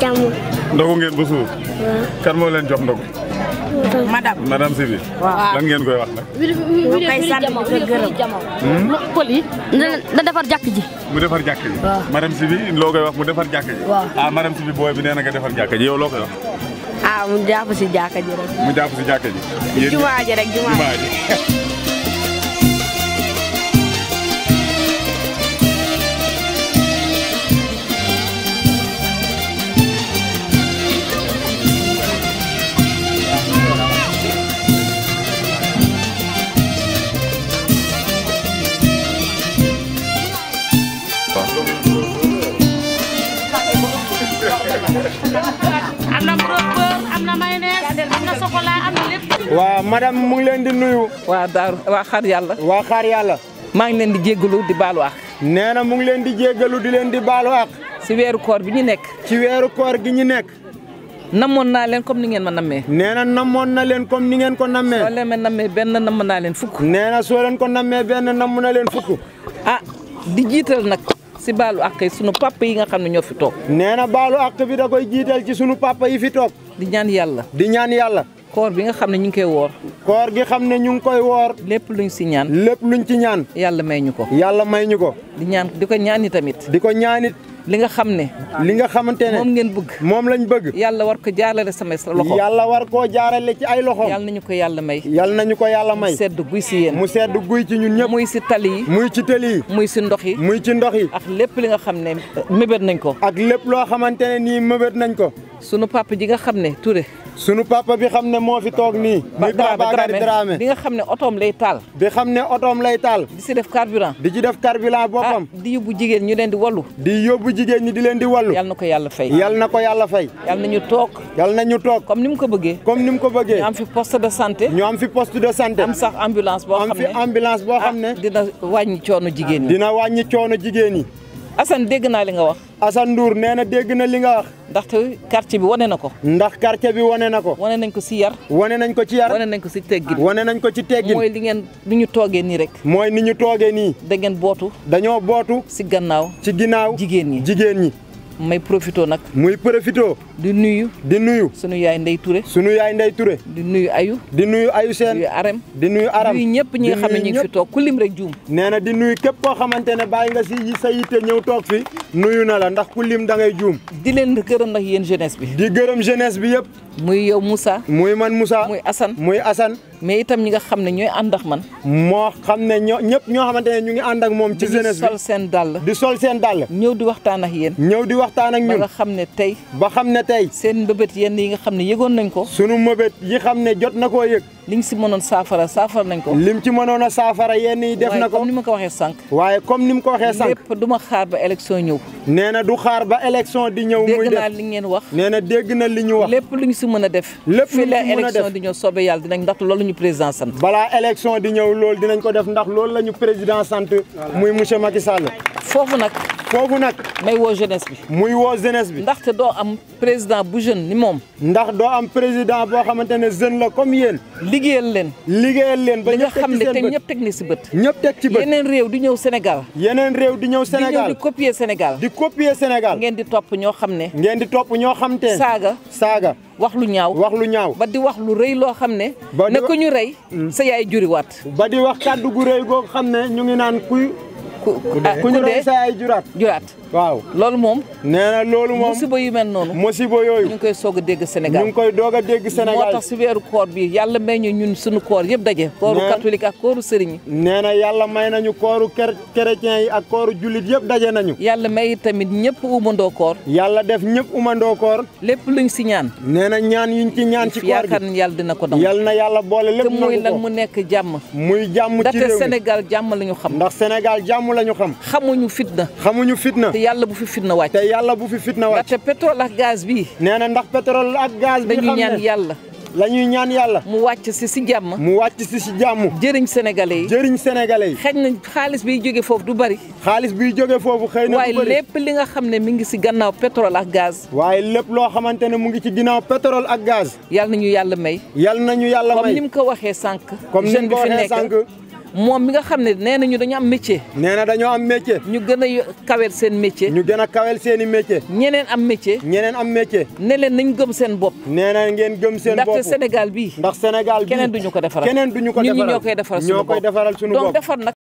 jàmm. ndogu ngeen ba suur. kan moo leen jox ndogu. madame madame Sibi. lan ngeen koy wax na ñu koy sant di ko gërëm. Hmm? pël yi mu defar jàkk ji. waaw madame Sibi loo koy wax mu defar jàkk ji. waaw ah madame Sibi booy bi nee na nga defar jàkk ji yow loo koy wax. ah mu jàpp si jàkk ji mu jàpp si jàkk ji. jumaa ji rek jumaa ji. waaw madam mu ngi leen di nuyu waa dar, waa xaar yàlla waa xaar yàlla maa ngi leen di jéggalu di baalu ak nee mu ngi leen di jéggalu di leen di baalu ak ci weeru koor bi ñu nekk ci weeru koor gi ñu nekk namoon naa leen comme ni ngeen ma nammee nee na namoon na leen comme ni ngeen ko nammee soo leen ma nammee benn namm naa leen fukk nee na soo ko nammee benn namm na leen fukk ah di jiital nag si baalu ak sunu papa yi nga xam ne ñoo fi toog nee na baalu ak bi da koy jiital ci sunu papa yi fi toog di ñaan yàlla. di ñaan yàlla. koor bi nga xam ne ñu ngi koy woor. koor gi xam ne ñu ngi koy woor. lépp luñ si ñaan. lépp luñ ci ñaan. yàlla may ñu ko. yàlla may ñu ko. di ñaan di ko ñaani tamit. di ko ñaanit li nga xam ne. li nga xamante ne moom ngeen bëgg. moom lañ bëgg. yàlla war ko jaarale sama loxo. yàlla war koo jaarale ci ay loxo. yàlla nañu ko yàlla may. yàlla nañu ko yàlla may. mu sedd guy si yéen. mu sedd guy ci ñun ñëpp. muy si tali yi. muy ci tali muy si ndox yi. muy ci ndox yi. ak lépp li nga xam ne mébét nañ ko. ak lépp loo xamante ne nii mébét nañ ko. sunu papa ji nga xam ne Touré. sunu papa bi xam ne moo fi toog nii. muy Babacar Dramé bi nga xam ne otoom lay taal. bi xam ne otoom lay taal. si def carburant. di ci def carburant boppam. Ah, di jigéen ñi di leen di wàllu yal na ko yàlla fay yal na ko yàlla fay yal na ñu toog yal na ñu toog comme ni mu ko bëggee comme ni mu ko bëggee ñu am fi poste de santé ñu am fi poste de santé am sax ambulance boo xam ne am ah, ne dina wàññi coono jigéen ñi dina wàññi coono jigéen ñi Assane dégg naa li nga wax. asan Ndour nee na dégg na li nga wax. ndaxte quartier bi wane na ko. ndax quartier bi wane na ko. wane nañ ko si yar. wane nañ ko ci yar. wane nañ ko si teggin. wane nañ ko ci teggin. mooy ngeen ni ñu toogee nii rek. mooy ni ñu toogee nii. da bootu. dañoo bootu. si gannaaw. ci ginnaaw jigéen ñi jigéen ñi. may profito nag. muy profito. di nuyu. di nuyu. sunu yaay Ndey Touré. sunu yaay Ndey Touré. di nuyu Ayu. di nuyu Ayu Seen. di nuyu Aram. di nuyu Aram di nuyu ñëpp ñi nga xam ne ñu ngi fi lim rek juum. nee na di nuyu képp koo xamante ne bàyyi nga si sa yitte ñëw toog fi nuyu na la ndax ku lim da ngay juum. di leen gërëm ndax yéen jeunesse bi. di gërëm jeunesse bi yëpp. muy yow Moussa. muy man Moussa. muy Assane muy Assane. mais itam ñi nga xam ne ñooy ànd man. moo xam ne ñoo ñëpp ñoo xamante ne ñu ngi ànd ak moom. ci jeunesse bi sol seen dàll. di sol seen dàll. ñëw di waxtaan ak yéen. ñëw di waxtaan ak ñun ba xam ne tey. ba xam ne tey seen mbébét yenn yi nga xam ne yëgoon nañ ko sunu mbébét yi xam ne jot na koo yëg liñ si mënoon saafara saafara nañ ko lim ci mënoon a saafara yenn yi def na ko ni ma ko waxee sànq waaye comme ni ma ko waxee sànq lépp du ma xaar ba élection ñëw nee du xaar ba élection di ñëw muy def li ngeen wax nee na dégg na li ñu wax lépp lu ñu si mën a def lépp lu ñu si mën a def fii la élection di ñëw soobee yàlla dinañ ndax loolu ñu président sant balaa élection di ñëw loolu dinañ ko def ndax loolu la ñu président sant muy monsieur Macky Sall foofu nag. may woo jeunesse bi. muy woo jeunesse bi. ndaxte doo am président bu jeune ni moom. ndax doo am président boo xamante ne jeune la comme yéen. liggéeyal leen. liggéeyal leen ba ñëpp teg xam ne te ñëpp teg ni si bët. ñëpp teg ci bët yeneen réew di ñëw Sénégal. yeneen réew di ñëw Sénégal di ñëw di Sénégal. di copier Sénégal. ngeen di topp ñoo xam ne. ngeen di topp ñoo xam te. saaga saaga. wax lu ñaaw wax lu ñaaw. ba di wax lu rëy loo xam ne. ba di na ko ñu rey. Mm. sa yaay juriwaat. ba di wax kàddu gu rëy goo xam ne ñu ngi naan kuy ku ku ñu doon sa ay juraat juraat loolu moom nee loolu moom musiba yu mel noonu musiba yooyu ñu koy soog a dégg Sénégal ñu koy doog a dégg Sénégal moo tax si weeru koor bi ñun suñu koor yëpp daje kooru catholique ak kooru sëriñ yi nee na yàlla may nañu kooru chrétien yi ak kooru jullit yëpp daje nañu yàlla may tamit ñëpp umandoo koor yàlla def ñëpp umandoo koor lépp luñ si ñaan nee na ñaan yuñ ci ñaan ci koor yaakaar yàlla dina ko dam yala na yàlla boole lépp te muy lan mu nekk jàmm muy jàmm ci réew jàmm la xam jàmm la ñu xam xamuñu fitna xamuñu fitna te yàlla bu fi fitna wàcc te yàlla bu fi fitna wàcc ndaxte pétrole ak gaz bii nee na ndax pétrole ak gaz bi dañu ñaan yàlla la ñuy ñaan yàlla mu wàcc si si jàmm mu wàcc si si jàmm jëriñ sénégalais yi jëriñ sénégalais yi xëy na xaalis biy jóge foofu du bari xaalis biy jóge foofu xëy na waaye lépp li nga xam ne mi ngi si gannaaw pétrole ak gaz waaye lépp loo xamante ne mu ngi ci ginnaaw pétrole ak gaz yal nañu yàlla may yal nañu yàlla may comme ni mu sànq moom mi nga xam ne nee na ñu dañu am métier. nee na dañoo am métier. ñu gën a kawel seen métier. ñu gën a kawel seen i ñeneen am métier. ñeneen am métier. ne leen nañ gëm seen bopp. nee na ngeen gëm seen bopp ndaxte Sénégal bii. ndax senegal bii keneen du ñu ko defaral. keneen du ñu ko defaral ñun ñoo koy defaral suñu bopp ñoo koy donc defar nag.